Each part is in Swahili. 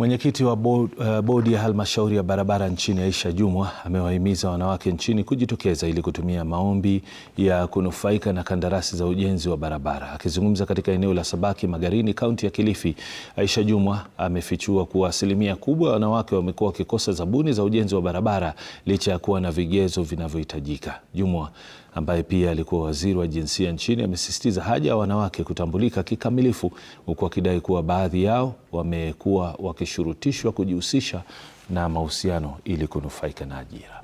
Mwenyekiti wa eh, bodi ya halmashauri ya barabara nchini Aisha Jumwa amewahimiza wanawake nchini kujitokeza ili kutumia maombi ya kunufaika na kandarasi za ujenzi wa barabara. Akizungumza katika eneo la Sabaki Magarini, kaunti ya Kilifi, Aisha Jumwa amefichua kuwa asilimia kubwa ya wanawake wamekuwa wakikosa zabuni za ujenzi wa barabara licha ya kuwa na vigezo vinavyohitajika. Jumwa ambaye pia alikuwa waziri wa jinsia nchini amesisitiza haja ya wanawake kutambulika kikamilifu, huku akidai kuwa baadhi yao wamekuwa waki wameshurutishwa kujihusisha na mahusiano ili kunufaika na ajira.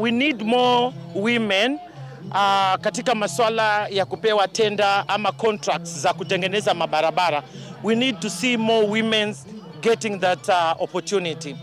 We need more women uh, katika masuala ya kupewa tenda ama contracts za kutengeneza mabarabara. We need to see more women getting that uh, opportunity.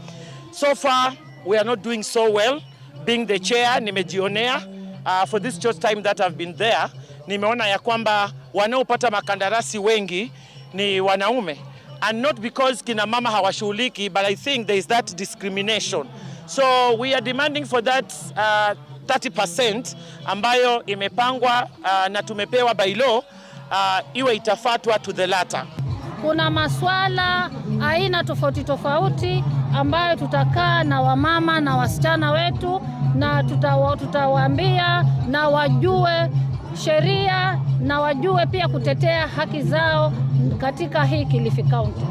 So far we are not doing so well. Being the chair, nimejionea uh, for this short time that I've been there, nimeona ya kwamba wanaopata makandarasi wengi ni wanaume and not because kina mama hawashughuliki but I think there is that discrimination so we are demanding for that uh, 30% ambayo imepangwa uh, na tumepewa by law uh, iwe itafatwa to the latter. Kuna maswala aina tofauti tofauti ambayo tutakaa na wamama na wasichana wetu na tutawaambia na wajue sheria na wajue pia kutetea haki zao katika hii Kilifi County.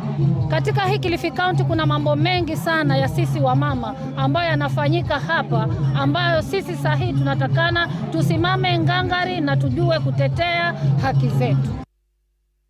Katika hii Kilifi County kuna mambo mengi sana ya sisi wamama ambayo yanafanyika hapa, ambayo sisi sahihi tunatakana tusimame ngangari na tujue kutetea haki zetu.